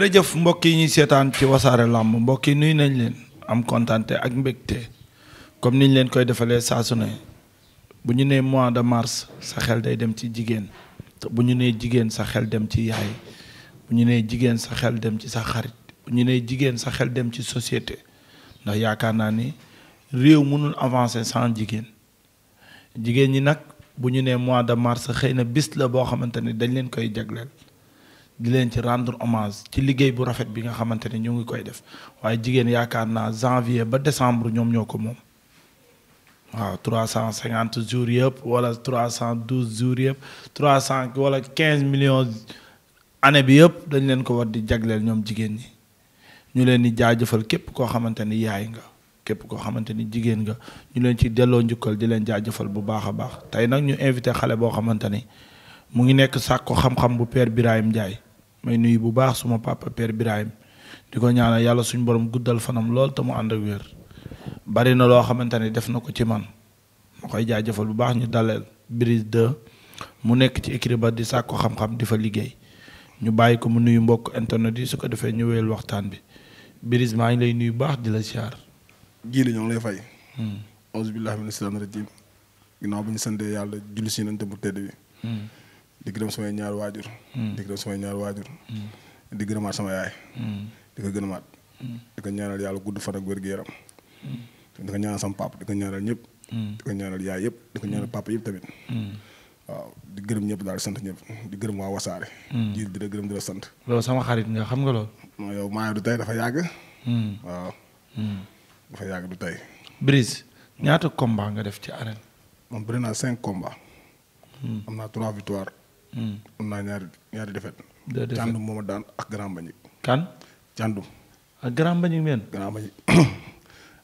jërëjëf mbokk yi ñuy seetaan ci wasaare làmb mbokk yi nuyu nañ leen am kontaante ak mbégte comme niñ leen koy defalee saa su bu ñu nee mois de mars sa xel day dem ci jigéen bu ñu nee jigéen sa xel dem ci yaay bu ñu nee jigéen sa xel dem ci sa xarit bu ñu nee jigéen sa xel dem ci société ndax yaakaar naa ni réew mënul avancer sans jigéen jigéen ñi nag bu ñu nee mois de mars xëy na bis la boo xamante ni dañ leen koy jagleel. di leen ci rendre hommage ci liggéey bu rafet bi nga xamante ne ñu ngi koy def waaye jigéen yaakaar naa janvier ba décembre ñoom ñoo ko moom waaw trois cent cinquante jours yëpp wala trois cent douze jours yëpp trois cent wala quinze millions année bi yëpp dañ leen ko war di jagleel ñoom jigéen ñi ñu leen di jaajëfal képp koo xamante ni yaay nga képp koo xamante ni jigéen nga ñu leen ci delloo njukkal di leen jëfal bu baax a baax tey nag ñu invité xale boo xamante ni mu ngi nekk sàkku xam-xam bu père Birahim Ndiaye may nuyu bu baax suma papa père Birahim di ko ñaanal yàlla suñ boroom guddal fanam lool te mu ànd ak wér bari na loo xamante ne def na ko ci man moo koy jaajëfal bu baax ñu dalal Brise de mu nekk ci écrit ba di sàkku xam-xam di fa liggéey ñu bàyyi ko mu nuyu mbokk internet yi su ko defee ñu waxtaan bi Brise maa ngi lay nuyu baax di la siyaar jiili ñoo ngi lay fay hmm. auzu billahi mina shaytaani rajim ginnaaw bi ñu santee yàlla julli si nañ te tedd bi hmm. di gërëm samay ñaar waajur. Hmm. di gërëm samay ñaar hmm. di gërëmaat sama yaay. Hmm. di ko gërëmaat. di ko ñaanal yàlla gudd fan ak yaram. di ko ñaanal sama papa di ko ñaanal yaay yëpp di ko ñaanal papa yëpp tamit. waaw di gërëm ñëpp daal sant ñëpp di gërëm waa wasaare. di di la gërëm di la sant. loolu sama xarit nga xam nga loolu. yow maa du tey dafa yàgg. waaw. dafa yàgg du tey. Brice ñaata combat nga def ci arène. moom bëri naa cinq combats. am naa trois victoires. Mm. am naa ñaari ñaari defet. deux defet Thiandoum moo ma daan ak Grand Mbagnick. kan Thiandoum. ak Grand Mbagnick men Grand Mbagnick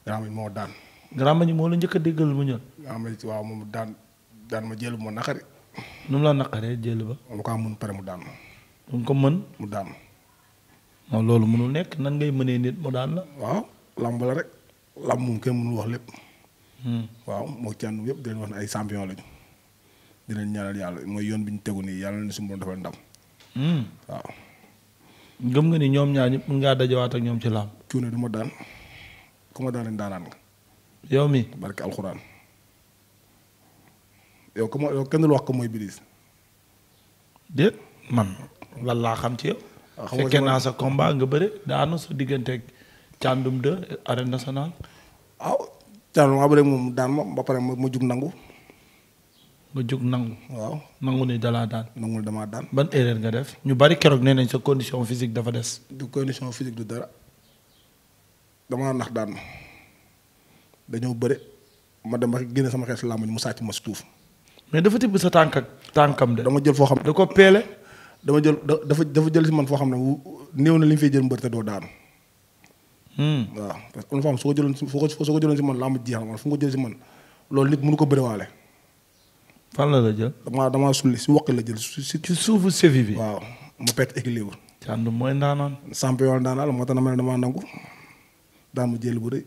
Grand Mbagnick moo daan. Grand Mbagnick moo la njëkk a déggal mu ñor. waaw moom daan daan ma jël ma naqari. nu mu la naqaree jël ba. mu ko mën pare mu daan ma. mu ko mën. mu daan ma. loolu mënul nekk nan ngay mënee nit mu daan la. waaw lamb la rek lamb moom kenn mënul wax lépp. Hmm. waaw moo Thiandoum yëpp di leen wax ne ay sambion lañu. di leen yàlla mooy yoon bi ñu tegu nii yàlla na suñu borom defal ndam. Hmm. waaw. nga ni ñoom ñaar ñëpp mën ngaa dajawaat ak ñoom ci làmb. cuune du daan ku ma daan leen daanaan nga. yow mi barke alxuraan. yow ku ma yow kenn lu wax ko mooy Brise. déet man lan laa xam ci yow. Ah, fekkee naa sa combat nga bëre daanu sa digganteeg Thiandoum 2 arène nationale. waaw ah, Thiandoum maa bëre moom daan ma ba pare ma jug nangu. nga jóg nangu. waaw nangu ni dalaa daan. nangu damaa daan. ban erreur nga def ñu bari keroog nee nañ sa condition physique dafa des. du condition physique du dara damaa nax daan ma dañoo bëre ma dem ba génne sama xees làmb mu sàcc ma suuf. mais dafa tibb sa tànk ak tànkam de. dama jël foo xam ne da ko peele. dama jël dafa jël si man foo xam ne néew na li ñu fiy jël mbër te doo daanu. Hmm. waaw parce que une ko jëloon si su ko jëloon ko jël si man loolu nit mënu fan la la jël. damaa damaa sulli si wokk la jël si suufu sévi bi. waaw mu perte équilibre. Thiandoum mooy ndaanaan. champion ndaanaan moo tax dama ne damaa nangu daan mu jël bu rëy.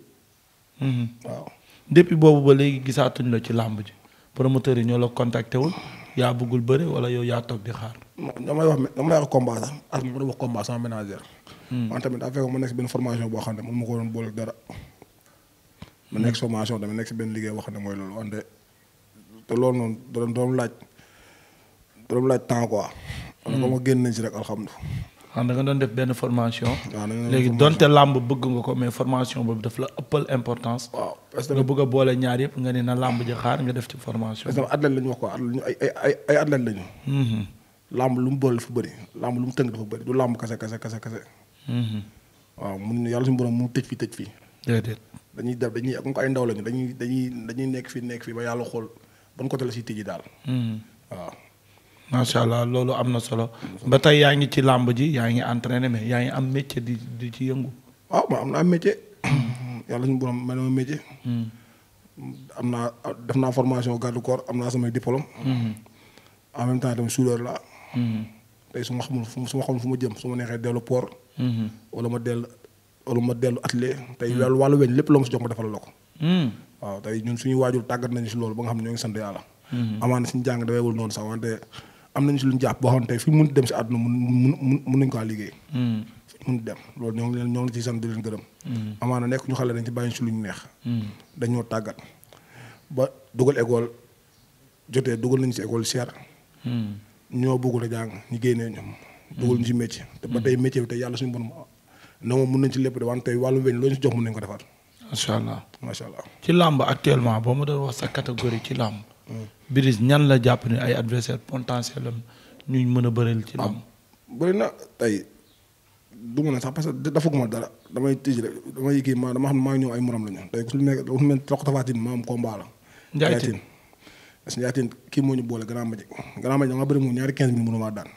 Mhm. waaw. depuis boobu ba léegi gisaatuñ la ci làmb ji promoteur yi ñoo la contacté wul yaa bëggul bëre wala yow yaa toog di xaar. damay wax damay wax combat sax as ma doon wax combat sama ménagère. Hmm. man tamit daa ma nekk si benn formation boo xam ne man ma ko doon boole dara. ma nekk formation dama nekk si benn liggéey boo xam ne mooy loolu te loolu noonu doon doon laaj doon laaj temps quoi. kon ma hmm. génn nañ si rek alhamdulilah. xam da nga def benn formation. léegi donte làmb bëgg nga ko mais formation boobu daf la ëppal importance. waaw parce que nga bëgg a boole ñaar yëpp nga ne na làmb ji xaar nga def ci formation. parce que athlète la ñu wax quoi ay ay ay athlète la ñu. Hmm. làmb lu mu boole dafa bëri làmb lu mu tënk dafa bëri du làmb kase kase kase kase. Hmm. waaw mun yàlla suñu borom mu tëj fii tëj fii. déedéet dañuy def dañuy ak ay ndaw lañu dañuy nekk fii nekk fii ba yàlla xool. ban côté la si tijji daal. Hmm. waaw. macha allah loolu am na solo ba tey yaa ngi ci làmb ji yaa ngi entraîné mais yaa ngi am métier di di ci yëngu. waaw ah, ma am naa métier yàlla suñu borom ma na ma hmm. am naa def naa formation garde corps am naa samay diplôme. Hmm. en même temps tamit soudeur tey su ma xamul fu su ma xamul fu ma jëm su ma neexee dellu port. wala ma dellu wala ma dellu atelier tey wàllu wàllu weñ lépp loo ma si jox ma defal la ko. waaw tey ñun suñu waajur tàggat nañu si loolu ba nga xam ne ñoo ngi sant yàlla mhm. amaana suñu jàng daweewul noonu sax wante am nañu si luñu jàpp boo xam ne tey fi mu dem si àdduna mun mun mun nañu kaa liggéey mhm. fi dem loolu ñoo ngi leen ñoo ngi ci sant di leen gërëm mhm. amaana nekk ñu xale dañ ci bàyyi si luñu neex dañoo tàggat ba dugal école jotee dugal nañu si école cher ñoo bëggul a jàng ñu génnee ñoom dugal ñu si métier te ba tey métier bi tey yàlla suñu borom na moom mun nañ si lépp de wante tey wàllu weñ loo si jox mun nañ ko defar macha allah macha allah. ci làmb actuellement boo ma doon wax sa catégorie ci làmb. Hmm. Brise ñan la jàpp ne ay adversaire potentiel am ñu mën a bëreel ci làmb. Ah, bëri na tey du ma ne sax parce que dafa guma dara damay tijji rek damay kii ma dama xam ne maa ay morom la ñu tey ku nekk ku nekk toog kii moo ñu boole grand Magic grand Magic da bëri mu ñaari 15 minutes mënu maa daan.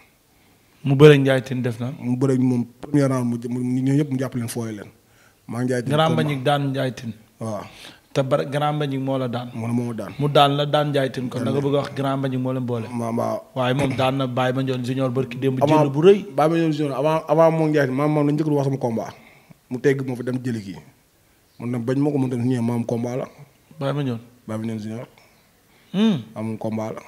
mu bëre Ndiaye Tine def na. mu bëre moom premier round mu ñëw ñëpp mu jàpp leen fooy leen. maa njaay tin grand daan njaay tin waaw te ba grand Mbagnick moo la daan. mu moo daan mu daan la daan njaay tin kon da bëgg wax grand Mbagnick moo leen boole. waaye moom daan na Baye Mandione junior barki démb. jël bu rëy Baye Mandione junior avant avant moom njaay tin maam moom dañu njëkk wax mu tegg moo fa dem jëli kii man nag bañ ma ko mënta ñëwee maam combat la. Baye Mandione Baye Mandione junior. Hmm. amul combat la.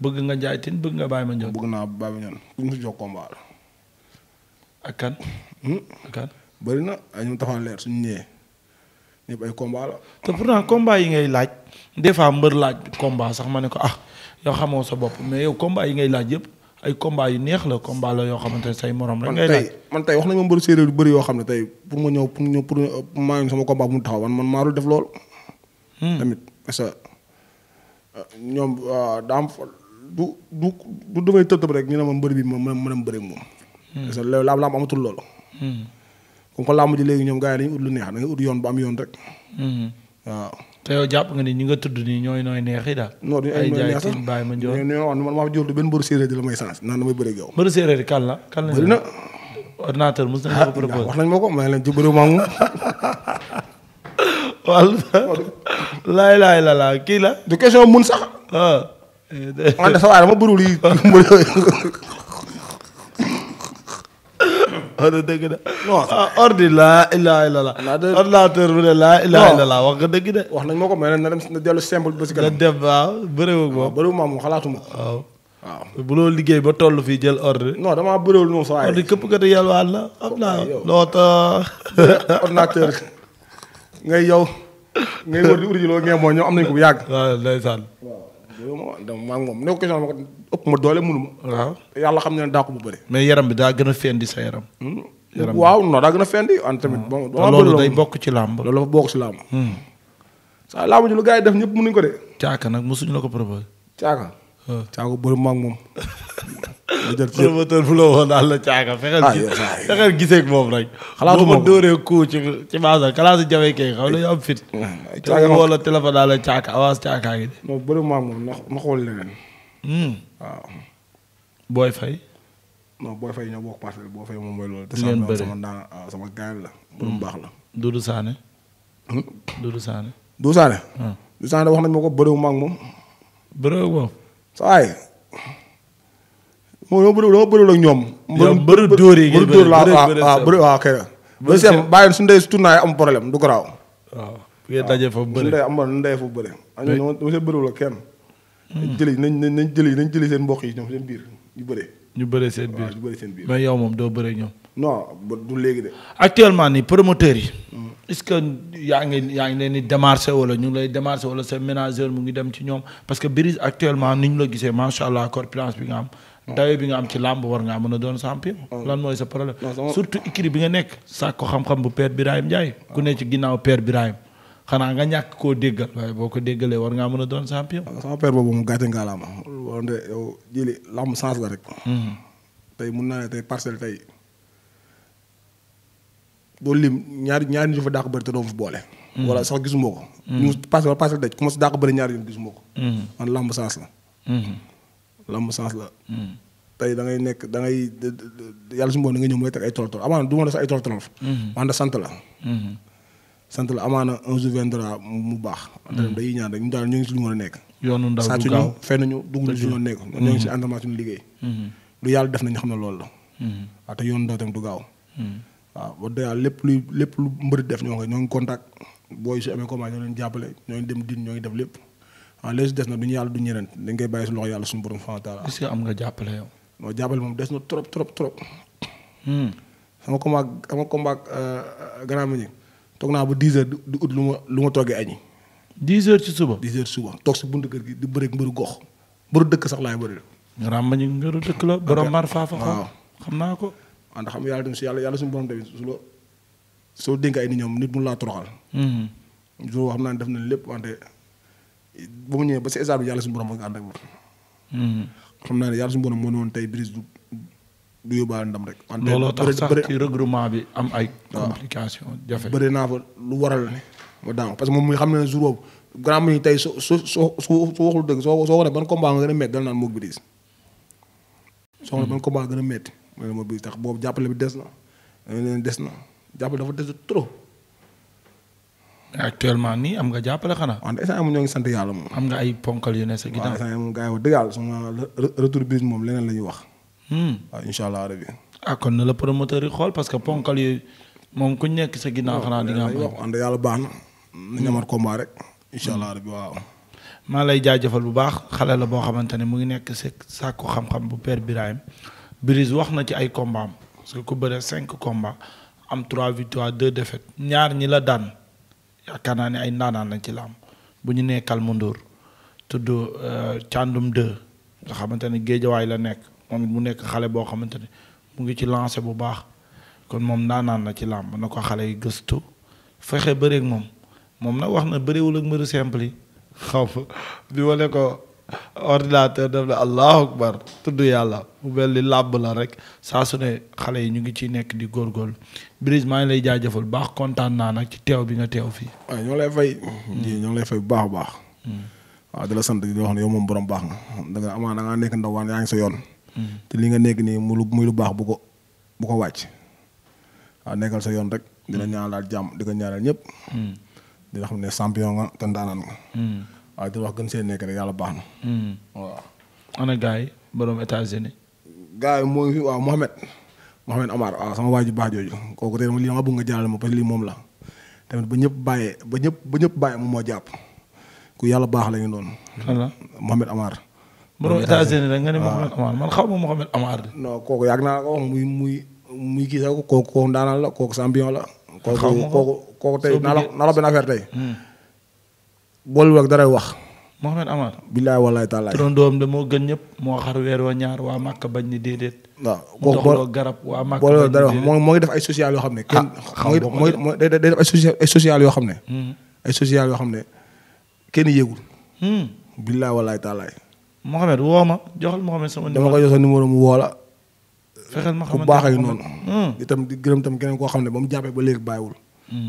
bëgg nga njaay tin bëgg nga Baye Mandione. bëgg naa Baye Mandione. ñu ngi si jox combat bëri na ay ñoom taxaw leer suñu ñëwee ñëpp ay combat la. te pourtant combat yi ngay laaj des fois mbër laaj combat sax ma ne ko ah yow xamoo sa bopp mais yow combat yi ngay laaj yëpp ay combat yu neex la combat yoo xamante ne say morom rek. man tey wax nañ ma mbër séeréer bëri yoo xam ne tey pour ma ñëw pour ñëw pour maa sama combat bu mu taxaw man man maa dul def loolu. Hmm. tamit parce euh, ñoom euh, daa am du du du damay tëb rek ñu ne ma mbër bi ma mën a mën a bëri ak moom. Hmm. parce que loolu laam amatul loolu. Hmm. comme que làmb ji léegi ñoom gars yi dañuy ut lu neex da nga ut yoon bu am yoon rek. waaw. te jàpp nga ni ñu nga tudd nii ñooy nooy neex yi daal. non duñu ay nooy neex sax bàyyi ma njool ñoo wax man maa fi jóorlu benn mbëru séeréer di la may na ordinateur ko proposé wax nañ ma ko may leen ci bëri maa kii la. du question mun sax. waaw. man de sa waay dama bëriwul wax dëgg de. Ah, laa ilaaha illallaah. ordinateur bi de laa ilaaha wax dëgg de. wax nañ ma ko mais nag na dem na dellu simple ba na dem waaw bëriwul moom. waaw bëriwul moom xalaatu bu loo liggéey ba tollu fii jël ordre. non damaa bëriwul moom am naa loo ordinateur ngay yow ngay wër di urjiloo ngeen moo ñoom ko bu yàgg. maa ngi moom ne question ma ko ëpp ma doole mënu ma. waaw ah. yàlla xam ne daa ko bu bëri. mais yaram bi daa gën a fendi sa yaram. Hmm? yaram waaw non daa gën a fendi an tamit. Ah. bon loolu day bokk ci làmb. loolu dafa bokk ci làmb. Hmm. saa làmb ji lu yi def ñëpp mënuñ ko de. caaka nag mosuñu la ko proposé. caaka. Ah. caaka bëri ma moom. promoteur bu la woon daal la caaga fexeel ah, fexeel giseeg moom rek xalaatu ma dóoree kuu ci ci baasa kalaasu jawe kay xaw la yu am fit ah, te woo la téléphone daal la caaka avance caakaa gi de bëri maa moom na xool leneen hmm. waaw booy fay non booy fay ñoo bokk parcelle booy fay moom mooy loolu te sama sama ndaa ah, sama gaay la borom hmm. baax la Doudou Sané hmm? Doudou Sané Doudou Sané Doudou Sané wax nañ ma ko bëriwu ma ak moom bëriwu moom sa waay moom doo bëri doo bëriwul ak ñoom. yow bëri dóor yi ngay bëri bëri waaw ah, kay. Ah, bëri ah, seen bàyyi suñu day tournoi am problème du garaaw. waaw bu ngeen dajee foofu bëri waaw suñu ndey am foofu bëri. mais ñoom dama see bëriwul ak kenn. Hmm. nañ jëli nañ nañ jëli nañ jëli seen mbokk yi ñoom seen biir ñu bëree. ñu bëree seen biir waaw ñu bëree seen biir. mais yow moom doo bëree ñoom. non du léegi de. actuellement nii promoteurs yi. Hmm. est-ce que yaa ngi yaa ngi leen di démarcher wala ñu ngi lay démarcher wala sa ménageur mu ngi dem ci ñoom parce que Brise actuellement ni ñu la gisee macha allah corpulence bi nga am Oh. dawe bi nga am ci làmb war ngaa mën a doon champion oh. lan sa problème surtout ikiri bi nga nekk sàkko xam-xam bu père Birahim Ndiaye ku ne ci ginnaaw père Birahim xanaa nga ñàkk koo déggal waaye boo ko déggalee war ngaa mën a doon champion sama père boobu mu gàcce nga laama wante yow jëli làmb chance la rek hmm. tey mun naa ne tey parcelle tey doo lim ñaari ñaari nit fa dàq bëri te doo fa boole hmm. wala sax gisuma ko hmm. ñu parcelle parcelle daj ku la lamb sens la. Hmm. tey da nekk da yàlla suñu boon da nga ñëw mooy teg ay tolof-tolof ma la sax ay tolof-tolof. Hmm. maanaam sant la. Hmm. sant la amaana un jour viendra mu baax. entraînement dañuy ñaan rek ñu daal ñoo ngi si lu ñu war a nekk. yoonu ndaw du gaaw saa fenn ñu dugg ñu si ñu nekk. ñoo ngi si entraînement suñu liggéey. lu yàlla def nañ xam ne loolu la. waaw te yoonu ndaw tamit du gaaw. waaw ba dèjà lépp luy lépp lu mbëri def ñoo ngi ñoo ngi contact booy su amee combat ñoo leen jàppale ñoo ngi dem din ñoo ngi def lépp waaw léegi des na du ñu yàlla du ñu ñeneen dañ koy bàyyi si loxo yàlla suñu borom subhaana taala. am nga jàppale yow. non jàppale hmm. euh, naa ba 10 heures di lu ma lu ma toggee añi. 10 heures ci suba. 10 heures si buntu kër gi di bëreeg mbëru gox dëkk sax laay bëri. grand mi mbëru dëkk la borom mar faafa. xam naa ko. waaw xam yàlla dem si yàlla yàlla suñu borom tamit su la soo dénk ay nit ñoom nit laa toroxal. Hmm. jour boo xam naa ne def nañ lépp wante ba mu ñëwee ba si état bi yàlla suñu borom nga ànd ak moom. Hmm. moo ne woon tey du du yóbbaale ndam rek. wante looloo tax sax ci bi am ay. complication jafe bëri naa fa lu waral ne ma daan parce que moom muy xam ne jour boobu grand bi tey soo soo soo soo waxul dëgg soo soo wane ban combat nga gën a métti dana naan moog Brise. soo wane ban combat nga gën a métti mooy moog Brise tax boobu jàppale bi des na. leen des na jàppale dafa des trop. actuellement nii am nga jàppale xanaa. waaw instant yii moom ñoo ngi sant yàlla moom. am nga ay ponkal yu ne sa ginnaaw. waaw instant yii moom gars yi wax dëgg yàlla sama retour bi moom leneen la ñuy wax. Hmm. waaw incha allah rabi. ah kon na la promoteur yi xool parce que ponkal yi moom ku nekk sa ginnaaw xanaa di nga am. waaw waaw yàlla baax na. nañu amal hmm. combat rek. incha allah hmm. rabi waaw. maa lay jaajëfal bu baax xale la boo xamante ne mu ngi nekk sa sàkku xam-xam bu père Birahim Brise wax na ci ay combat am parce que ku bëre cinq combat am trois victoires deux défaites ñaar ñi la daan yaakaar naa ne ay ndaanaan lañ ci làmb bu ñu nee Kalmu Ndour tudd euh, Thiandoum 2 nga xamante ne géejawaay la nekk moom it mu nekk xale boo xamante ne mu ngi ci lancé bu baax kon moom ndaanaan la ci làmb na ko xale yi gëstu fexe bëreeg moom moom na wax na bëriwul ak mbëru simple yi xaw bi wale ko ordinateur def na allahu akbar tudd yàlla mu mel ni làbb la rek saa su ne xale yi ñu ngi ciy nekk di góor góor Brise maa ngi lay jaajëfal baax kontaan naa nag ci teew bi nga teew fii. waaw ñoo lay fay. Hmm. ñoo ngi lay fay bu baax a baax. Hmm. waaw di la sant di wax ne yow moom borom baax nga da nga amaat da ngaa nekk ndaw yaa ngi sa yoon. Hmm. te li nga nekk nii mu lu muy lu baax bu ko bu ko wàcc. waaw nekkal sa yoon rek. dina ñaanal daal jàmm di ko ñaanal ñëpp. dina xam ne champion nga waa di wax gën see nekk rek yàlla baax na. Hmm. waaw. ana gars yi borom États-Unis. gars yi moo ngi fi waaw Mohamed Mohamed Amar waaw sama waa ji baax jooju kooku tey lii ma bëgg nga jàllale ma parce que lii moom la tamit ba ñëpp bàyyee ba ñëpp bàyyee moom moo jàpp ku yàlla baax la ñu doon. voilà Mohamed Amar. borom États-Unis rek nga ne Mohamed Amar man xaw ma Mohamed Amar. non kooku yàgg naa ko wax muy muy muy kii sax kooku kooku la kooku champion la. xaw bool ak dara wax. Mouhamed Amar. billaay walaay taalaay. turandoom de moo gën ñëpp moo xar weer wa ñaar waa Màkka bañ ni déedéet. waaw kooku bool garab moo moo ngi def ay social yoo xam ne. ah xam nga moo ngi ay social yoo xam ne. Hmm. ay yoo xam ne kenn yéegul. Hmm. billaay walaay taalaay. Mouhamed woo ma joxal Mouhamed sama numéro. dama koy jox sa numéro mu woo la. ma xamante ne ku baaxee noonu. Hmm. itam di gërëm itam keneen koo xam ne ba mu jàppee ba léegi bàyyiwul.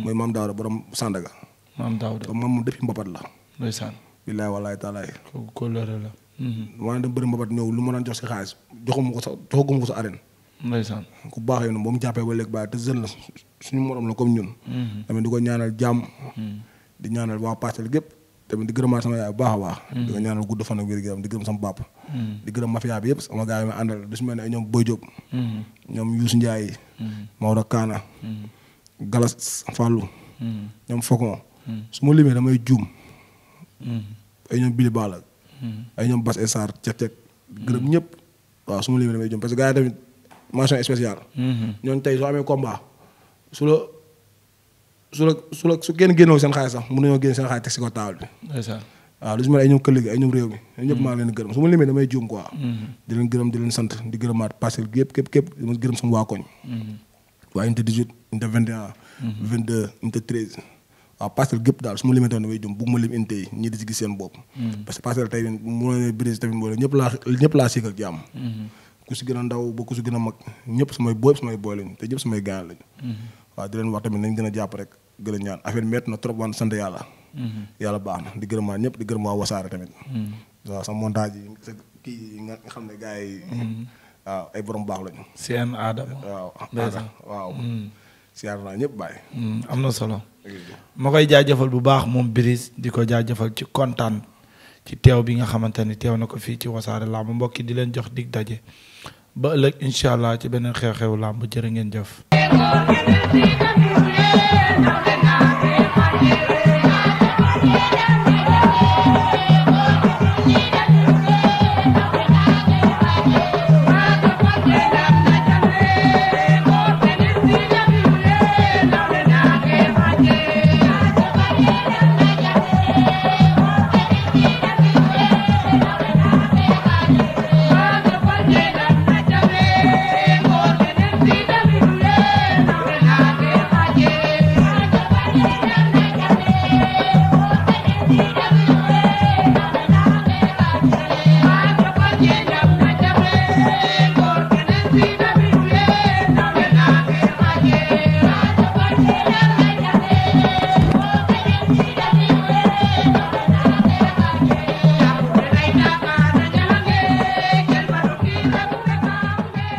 mooy maam Daara borom Sandaga. maam Daouda comme moom depuis Mbapat la. ndeysaan. billaay walaay taalaay. kooku kóllëre la. Mhm. maa ngi dem bëri Mbapat ñëw lu ma daan jox si xaalis joxuma ko sa joxaguma ko sa arène. ku baax yoon ba mu jàppee ba léegi baax te jeune la suñu morom la comme ñun. Mhm. tamit di ko ñaanal jàmm. Mhm. di ñaanal waa Parcelles gépp tamit di gërëmaat sama yaay bu baax a baax. di ko ñaanal gudd fan ak wér gu di gërëm sama bàpp. di gërëm mafia bi yëpp sama gars yi ma àndal du su mel ne su ma limee damay juum. ay ñoom Bili Balla. Mm-hmm. ay ñoom Bas Essar Cek Cek. Mm-hmm. gërëm ñëpp waa su ma limee damay juum parce que gars yi tamit mention spéciale. Mm-hmm. ñooñu tey soo amee combat su la su la su la su kenn génnoo seen xaalis sax mën nañoo génn seen xaalis teg si ko taabal bi. waaw lu si mel ay ñoom këllëg ay ñoom réew mi ñoom maa leen gërëm su ma limee damay juum quoi. di leen gërëm di leen sant di gërëmaat parce que yëpp képp képp di gërëm sama waa koñ. waaw parcelle gépp daal su ma limee tamit damay jum bugg ma lim inte yi di ci gis seen bopp hmm. parce que mu ne brise tamit laa si hmm. gën a ndaw ba ku si gën a mag ñëpp samay booy samay booy lañ te ñëpp samay gaañ lañ hmm. waaw wax tamit a jàpp rek gën ñaan affaire métti na trop waan sant yàlla yàlla baax na di gërëm waa ñëpp di gërëm waa wasaare tamit waaw sa montage yi sa kii yi nga xam ne gars yi waaw ay borom baax lañu seen aadama waaw waaw siyaar naa ñëpp bàyyi am na moo koy jëfal bu baax moom Brice di ko jëfal ci kontaan ci teew bi nga xamante ni teew na ko fii ci wasaare làmb mbokki di leen jox dig daje ba ëllëg incha allah ci beneen xew xew làmb jërë ngeen jëf.